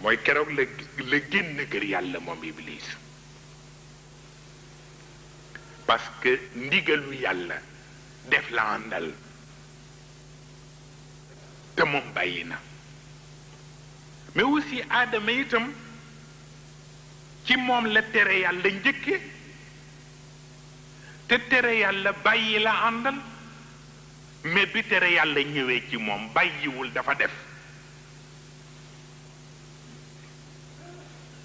mooy keroog la génn kër yàlla moom iblis parce ndigalu yàlla def la àndal te moom bàyyi na mais aussi aadama itam ci moom la tere yàlla njëkke te tere yàlla bàyyi la àndal mais bi tere yàlla ñëwee ci moom bàyyiwul dafa def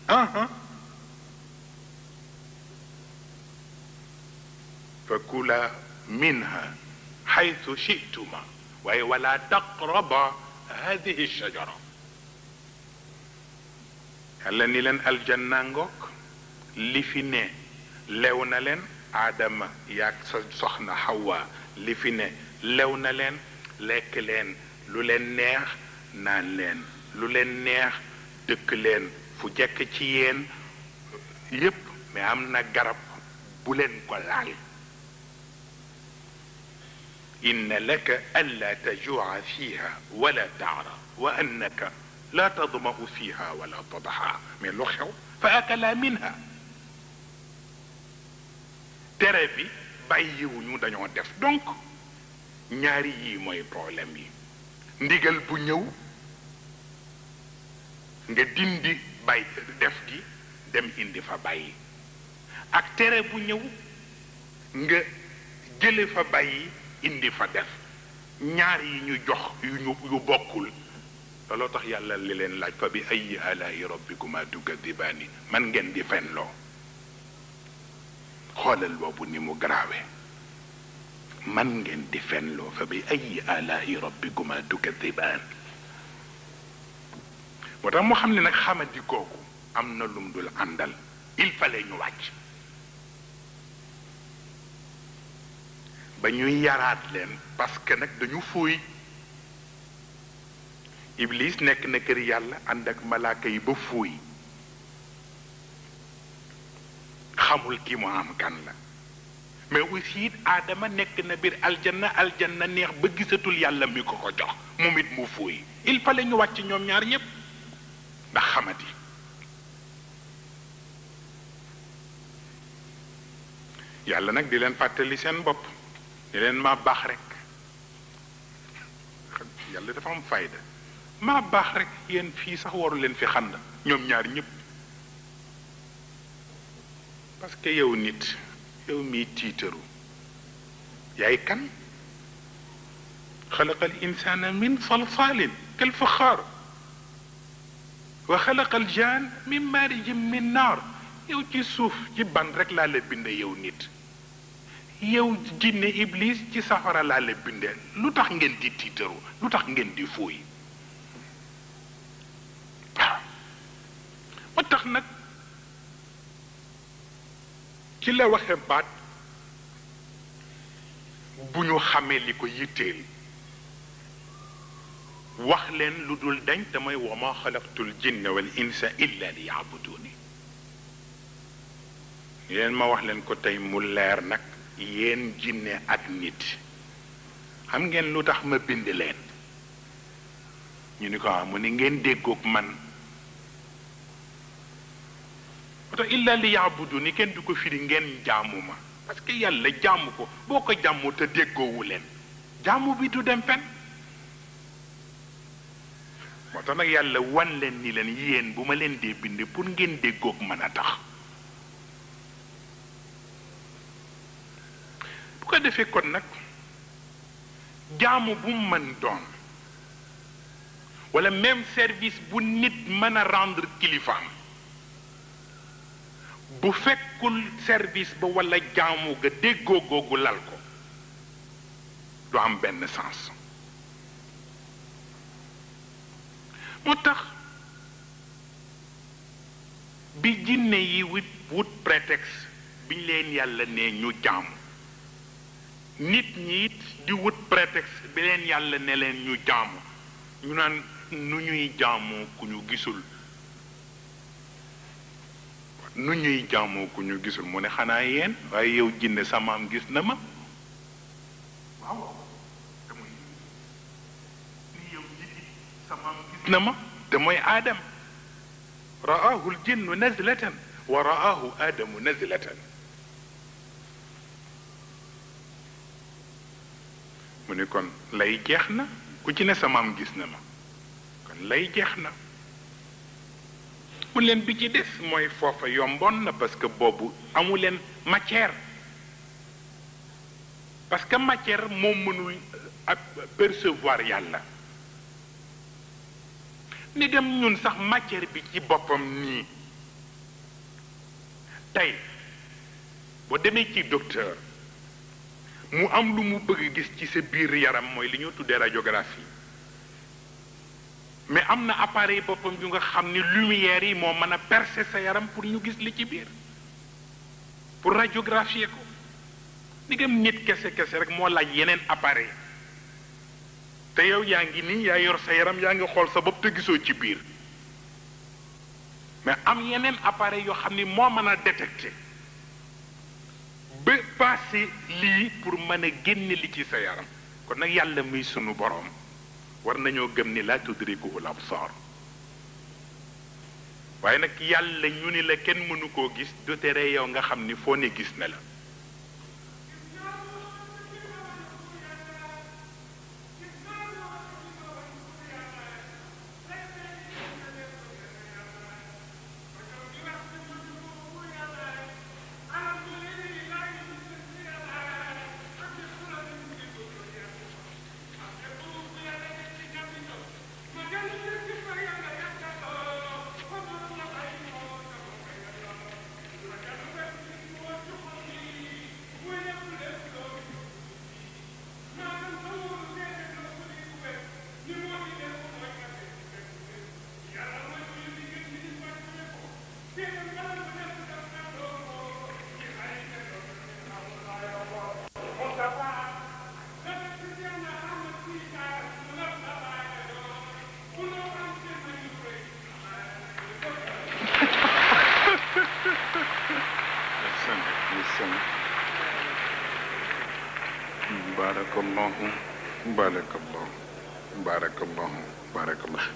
ها فكلا منها حيث شئتما ولا تقربا هذه الشجرة هل نلن الجنانغوك لفنة لون لن عدم يكسج صحن حواء لفنة لون لن لك لن لولن نير نان لن لولن نير لن fu jekk ci yéen yépp mais am na garab bu leen ko laal إن لك ألا تجوع فيها ولا تعرى وأنك لا تظمأ فيها ولا تضحى من لخو فأكلا منها tere bi bàyyiwuñu dañoo def donc ñaari yi mooy problème yi ndigal bu ñëw nga dindi bay def gi dem indi fa bàyyi ak tere bu ñëw nga jële fa bàyyi indi fa def ñaar yi ñu jox yu ñu yu bokkul looloo tax yàlla li leen laaj fa bi ay alaayi rabbikuma tukadibaani man ngeen di fenloo xoolal boobu ni mu garaawe man ngeen di fenloo fa bi ay alaayi rabbikuma tukadibaan moo tax mu xam ne nag xamadi googu am na lum dul àndal il fallait ñu wàcc ba ñuy yaraat leen parce que nag dañu fuuy iblis nekk na kër yàlla ànd ak malaaka yi ba fuuy xamul ki mu am kan la mais aussi it aadama nekk na biir aljanna aljanna neex ba gisatul yàlla mi ko ko jox moom it mu fuuy il fallait ñu wàcc ñoom ñaar ñëpp حمدي يالا نك دي لين فاتلي سين بوب دي لين ما باخ رك يالا دا فام فايدا ما باخ رك يين في سا وورو لين في خاند نيوم ñaar ñep parce que yow nit yow mi titeru yaay خلق الانسان من صلصال كالفخار وخلق الجان من مارج من نار يو تي سوف تي بان رك لا لبند يو نيت يو جن ابليس تي سفر لا لبند لوتاخ نين دي تيترو لوتاخ نين دي فوي متاخ نك كي لا وخه بات بونو خامي ليكو يتيل wax leen lu dul dañ te may wa ma xalaqtul jinna wal insa illa li yaabuduni leen ma wax leen ko tey mu leer nag yéen jinne ak nit xam ngeen lu tax ma bind leen ñu ni ko amu ah, ni ngeen déggook man oto illa li ni kenn du ko firi ngeen jaamu ma parce que yàlla jàmm ko boo ko jaamu te déggoowu leen jaamu bi du dem fen moo tax nag yàlla wan leen ni leen yéen bu ma leen dee bind pour ngeen déggoog mën a tax bu ko defee kon nag jaamu bu mu mën doon wala même service bu nit mën a rendre kilifaam bu fekkul service ba wala jaamu ga déggoo googu lal ko du am benn sens moo tax bi jinne yi wut wut prétexte biñ leen yàlla ne ñu jàmm nit ñi it di wut prétexte bi leen yàlla ne leen ñu jàmm ñu naan nu ñuy jaamoo ku ñu gisul nu ñuy jaamoo ku ñu gisul mu ne xanaa yéen waaye yow jinne samaam gis na ma جيتنما دموي آدم رآه الجن نزلة ورآه آدم نزلة مني كون لاي جيخنا كوتي نسا مام جيسنما كون لاي جيخنا مون لين بيتي ديس موي فوفا يومبون نا باسكو بوبو امو لين ماتير باسكو ماتير موم منول ا بيرسيفوار يالا dem ñun sax matière bi ci boppam ni tay bo demé ci docteur mu am lu mu bëgg gis ci sa biir yaram moy li ñu tuddé radiographie mais amna appareil bopam yu nga xamni lumière yi mo mëna percer sa yaram pour ñu gis li ci biir pour radiographier ko nit kese kese rek mo laaj yenen appareil te yow yaa ngi nii yaa yor sa yaram yaa ngi xool sa bopp te gisoo ci biir mais am yeneen appareil yoo xam ni moo mën a détecté ba passé lii pour mën a génne li ci sa yaram kon nag yàlla muy sunu boroom war nañoo gëm ni laa tudrikuhu l absar waaye nag yàlla ñu ni la kenn mënu koo gis du tere yow nga xam ni foo ne gis na la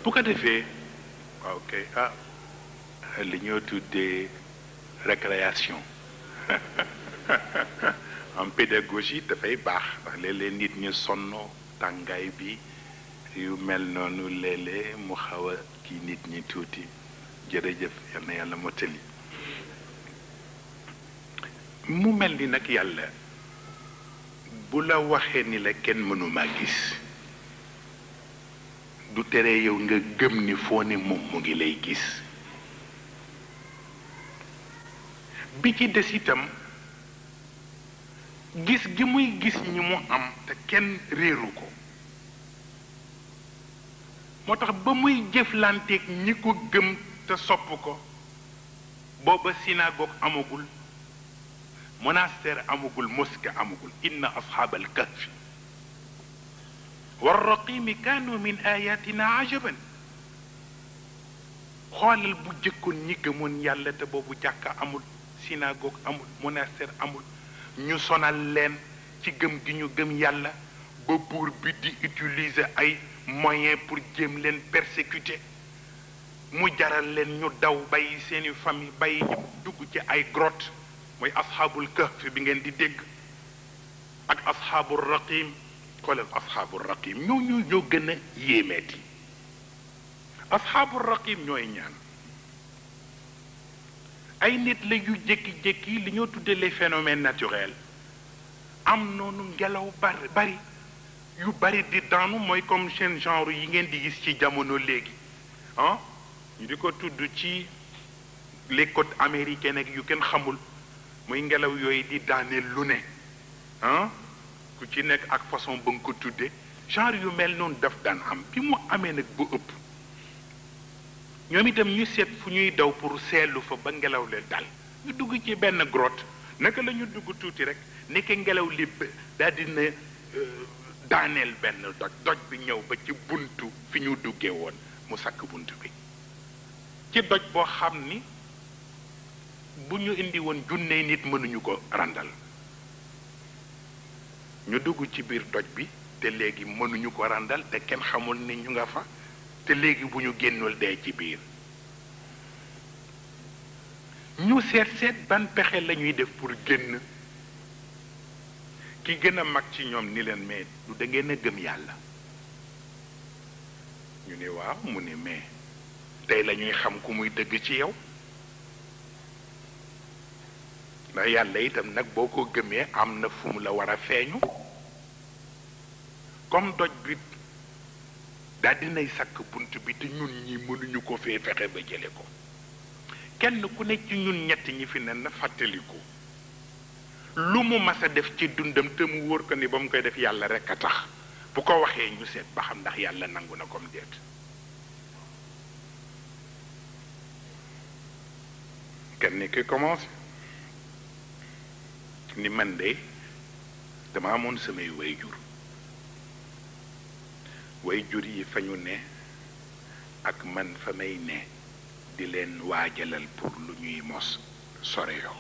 Pourquoi tu fais? Ah, ah, tout Allah récréation en pédagogie de est ndax Les Elle bi yu mel mu bu la waxee ni la kenn mënuma gis du tere yow nga gëm ni foo ne moom mu ngi lay gis bi ci des itam gis gi muy gis ñi mu am te kenn réeru ko moo tax ba muy jëflanteeg ñi ko gëm te sopp ko booba synagogue amagul monastère amagul mosquée amagul inna asxaabal kahfi warraqimi kaanu min ayatina ajaban xoolal bu jëkkoon ñi gëmoon yàlla te boobu jàkk amul synagogue amul monastère amul ñu sonal leen ci gëm gi ñu gëm yàlla ba buur bi di utiliser ay moyens pour jéem leen persécuter mu jaral leen ñu daw bàyyi seeni famille bàyyi dugg ci ay grotte mooy asxaabul kahf bi ngeen di dégg ak asxaabul raqim koleel asxaabul raqim ñoo ñu ñoo gën a yéemeeti asxaabul raqim ñooy ñaan ay nit la yu jékki-jékki li ñoo tuddee les phénomènes naturels am noonu ngelaw bari bari yu bari di daanu mooy comme seen genre yi ngeen di gis ci jamono léegi ah ñu di ko tudd ci les côtes américaines ak yu kenn xamul muy ngelaw yooyu di daaneel lu ne ah ku ci nekk ak façon ba nga ko tuddee genre yu mel noonu daf daan am bi mu amee nag bu ëpp ñoom itam ñu seet fu ñuy daw pour seelu fa ba ngelaw le dal ñu dugg ci benn grotte naka lañu dugg tuuti rek nekke ngelaw li euh, daaneel benn doj doj bi ñëw ba ci buntu fi ñu duggee woon mu sakk bunt bi ci doj boo xam ni bu ñu indi woon junney nit mënuñu ko randal ñu dugg ci biir toj bi te léegi mënuñu ko randal te kenn xamul ni ñu nga fa te léegi bu ñu génnul dee ci biir ñu seet seet ban pexe la def pour génn ki gën a mag ci ñoom ni leen mais du da ngeen yàlla ñu ne waaw mu ne mais tey lañuy xam ku muy dëgg ci yow ndax yàlla itam nag boo ko gëmee am na fu mu la war a feeñu comme doj bi daldi dinay sakk bunt bi te ñun ñi mënuñu ko fee fexe ba jële ko kenn ku ne ci ñun ñett ñi fi ne na fàttaliku lu mu mas def ci dundam te mu wóor ko ni ba mu koy def yàlla rekk a tax bu ko waxee ñu seet ba xam ndax yàlla nangu na comme déet kenn ki commencé ni man de dama amoon samay wayjur jur yi fa ñu ne ak man fa may ne di leen waajalal pour lu ñuy mos sore yoo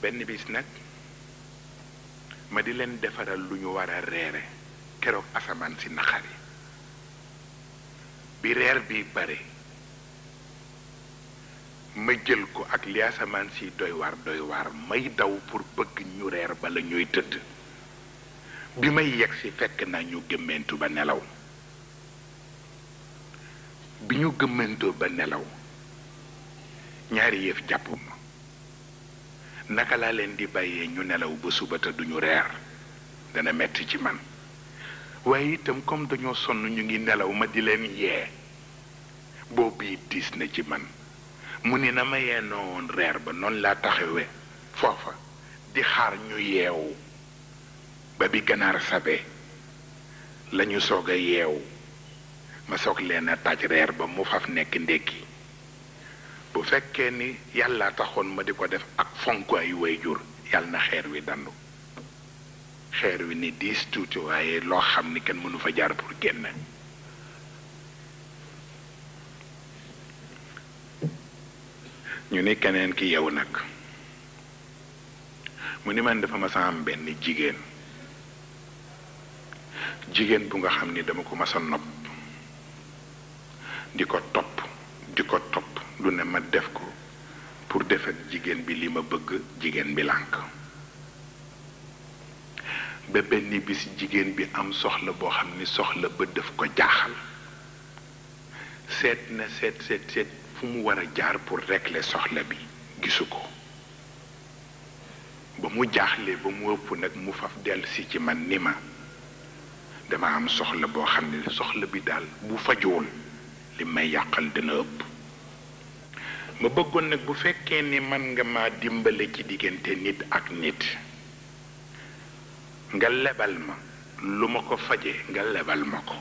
benn bis nag ma di leen defaral lu ñu wara reere keroog asamaan si naxari bi reer bi bare ma jël ko ak li asamaan si doy waar doy waar may daw pour bëgg ñu reer bala ñuy tëdd bi may yegg si fekk na ñu gëmmentu ba nelaw bi ñu gëmmantoo ba nelaw ñaari yëf jàpp ma naka laa leen di bàyyee ñu nelaw ba suba te duñu reer dana metti ci man waaye itam comme dañoo sonn ñu ngi nelaw ma di leen yee boobu it diis na ci man mu ni na ma yeenoo reer ba noonu laa taxawee foofa di xaar ñu yeewu ba bi ganaar sabee lañu soog a yeewu ma soog leen taaj reer ba mu faf nekk ndékki bu fekkee ni yàlla taxoon ma di ko def ak fonk ay waajur yàlla na xeer wi dandu xeer wi ni diis tuuti waaye loo xam ni kenn mënu fa jaar pour génn ñu ne keneen ki yow nag mu ni man dafa ma am benn jigéen jigéen bu nga xam ni dama ko masa nopp di ko topp di ko topp lu ne ma def ko pour def ak jigéen bi li ma bëgg jigéen bi lànk ba benn bis jigéen bi am soxla boo xam ni soxla ba def ko jaaxal seet na seet seet seet fu mu war a jaar pour régler soxla bi gisu ko ba mu jaaxle ba mu ëpp nag mu faf dell si ci man ni ma dama am soxla boo xam ne soxla bi daal bu fajuwul li may yàqal dina ëpp ma bëggoon nag bu fekkee ni man nga ma dimbale ci diggante nit ak nit nga lebal ma lu ma ko faje nga lebal ma ko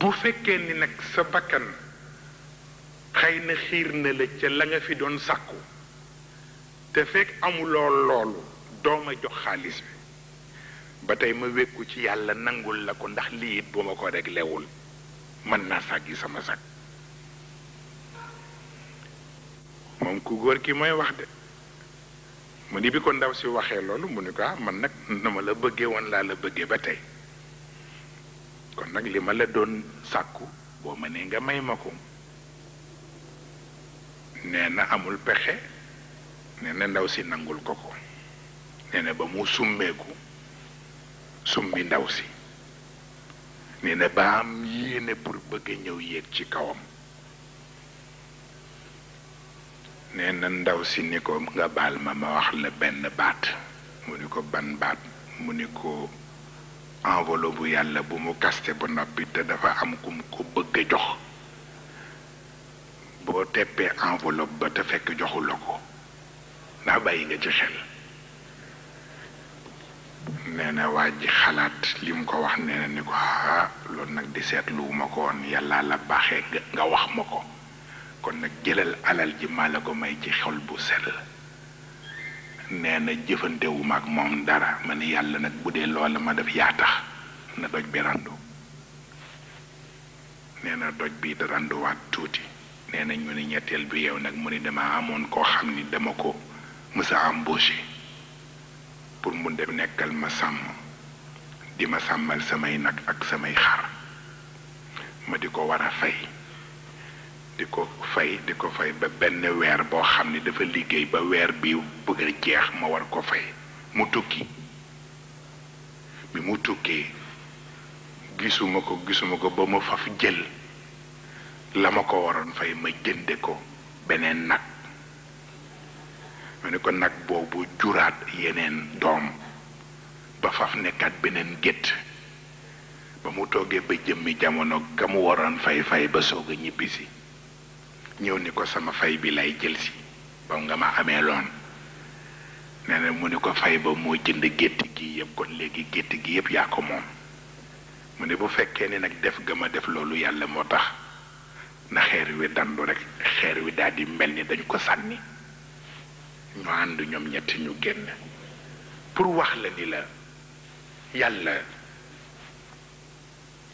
bu fekkee ni nag sa bakkan xeyna xir ne na la ca la nga fi doon sakku te fekk amuloo loolu dooma jox xaalis bi ba tey ma wekku ci yàlla nangul la ko ndax lii bu ma ko rek lewul naa sàggi sama sak. moom ku góor ki mooy wax de mu ni bi ko ndaw si waxee loolu mu ni ko ah man nag na la bëggee woon laa la bëggee ba tey kon nag li ma la doon sàkku boo mënee nga may ma nee na amul pexe nee ndaw si nangul ko ko nee ba mu summeeku summi ndaw si nee na ba am yéene pour bëgg ñëw yéeg ci kawam nee ndaw si ni ko nga baal ma ma wax la benn baat mu ni ko ban baat mu ni ko enveloppe bu yàlla bu mu kaste ba noppi te dafa am kum ko bëgg jox boo teppee enveloppe ba te fekk joxu la ko ndax bàyyi nga ci xel nee na waa ji xalaat li mu ko wax nee na ni ko ah loolu nag di seetluwuma ko woon yàlla la baaxee nga wax ma ko kon nag jëlal alal ji maa la ko may ci xol bu sel nee na jëfantewuma ak moom dara ma ni yàlla nag bu dee loola ma def yaa tax na doj bi randu nee na doj bi da randuwaat tuuti nee na ñu ne ñetteel bi yow nag mu ni dama amoon koo xam ni dama ko mës a embauché pour mu dem nekkal ma sàmm di ma sàmmal samay nag ak samay xar ma di ko war a fay di ko fay di ko fay ba benn weer boo xam ni dafa liggéey ba weer bi bëgg a jeex ma war ko fay mu tukki bi mu tukkee gisuma ko gisuma ko ba ma faf jël la ma ko waroon fay ma jënde ko beneen nag mu ne ko nag boobu juraat yeneen doom ba faf nekkat beneen gétt ba mu toogee ba jëmmi jamono ka mu waroon fay fay ba soog a ñibbisi ñëw ni ko sama fay bi lay jëlsi ba nga ma amee loon nee na mu ne ko fay ba moo jënd gétt gi yëpp kon léegi gétt gi yëpp yaa ko moom mu ne bu fekkee ne nag def ga ma def loolu yàlla moo tax na xeer wi dandu rek xeer wi daal mel ni dañ ko sànni ñu ànd ñoom ñett ñu génn pour wax la ni la yàlla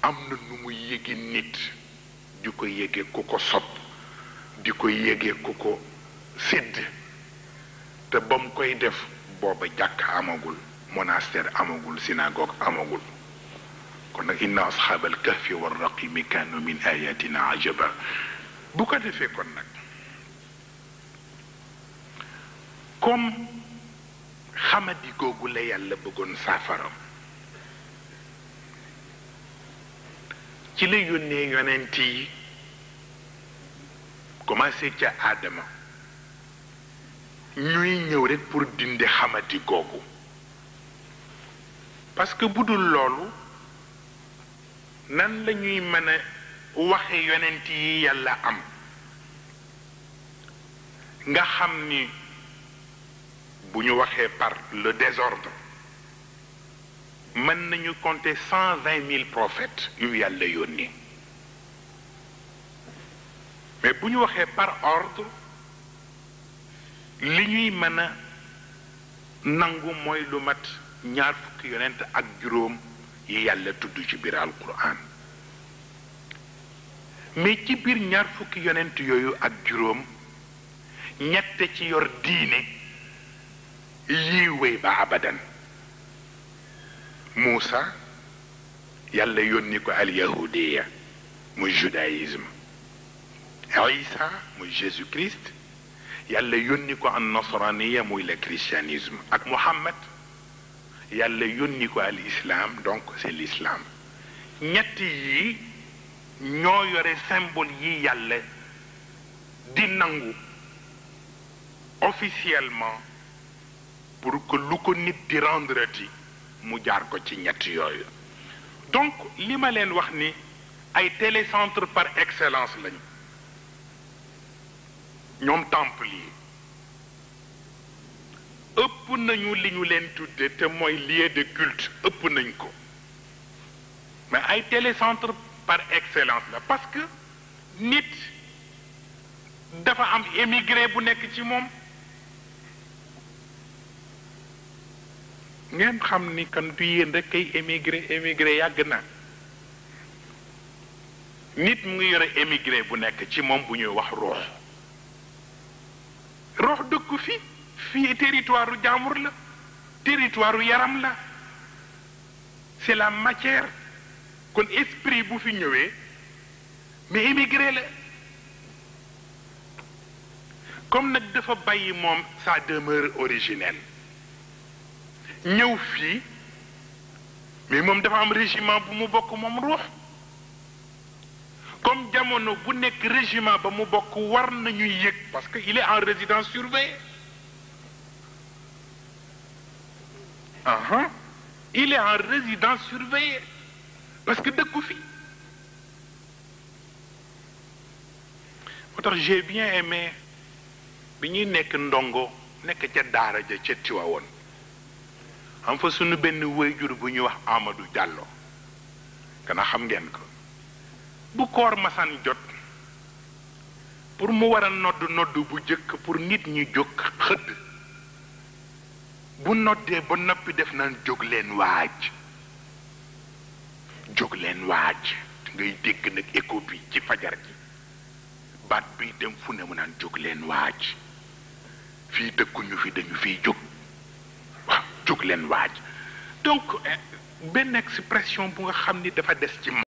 am na nu mu yége nit di ko yége ku ko sopp di ko yége ku ko sédd te ba mu koy def booba jàkk amagul monastère amagul synagogue amagul كنا إن أصحاب الكهف والرقيم كانوا من آياتنا عجبا بوكا في كنا كم خمدي قوغولا يالبغون سافرهم كلي يوني يوننتي كما سيتا آدم ñuy ñëw rek pour dindi xamati googu parce que budul loolu nan lañuy mën a waxe yonent yi yàlla am nga xam ni bu ñu waxee par le désordre mën nañu compter cent vingt mille prophètes yu yàlla yónni mais bu ñu waxee par ordre li ñuy mën a nangu mooy lu mat ñaar fukki yonent ak juróom yi yàlla tudd ci biir alquran mais ci biir ñaar fukki yonent yooyu ak juróom ñette ci yor diine yii ba abadan muusa yàlla yónni ko al yahudiya judaïsme isa muy jésus christ yàlla yónni ko an nasraniya muy le christianisme ak muhammad yàlla yónni ko al islam donc c'est l'islam ñett avons ñoo yore symbole yi yàlla officiellement pour que lu ko nit di rendre ti mu jaar ko ci donc li ma a wax ni ay par excellence Nous ñoom temple yi ëpp nañu li ñu leen tudde te mooy lieu de culte ëpp nañ ko mais ay télécentre par excellence la parce que nit dafa am émigré bu nekk ci moom ngeen xam ni kan du yéen rek kay émigré émigré yàgg na nit mu ngi yore émigré bu nekk ci moom bu ñuy wax roox roox dëkku fi fii territoire u la territoire yaram la c'est la matière kon esprit bu fi mais immigré la comme nag dafa bàyyi moom sa demeure originelle ñëw fii mais moom dafa am régiment bu mu bokk moom ruux comme jamono bu nekk régiment ba mu bokk war nañu parce que il est en résidence surveillée Aha, -huh. Il est en résidence surveillée parce que dëkku fi moo tax j'ai bien aimé bi ñuy nekk ndongo nek ca daara ja ca Tiwaawoon am fa sunu benn wéyjur bu ñuy wax Amadou Diallo kana xam ngeen ko bu koor masaan jot pour mu war a nodd nodd bu jëkk pour nit ñi jóg xëdd bu noddee ba noppi def naan jóg leen waaj jóg leen waaj ngay dégg nag écho bi ci fajar gi baat biy dem fu ne mu naan jóg leen waaj fii dëkkuñu fi dañu fii jóg waaw jóg leen waaj donc eh, benn expression bu nga xam ni dafa des ci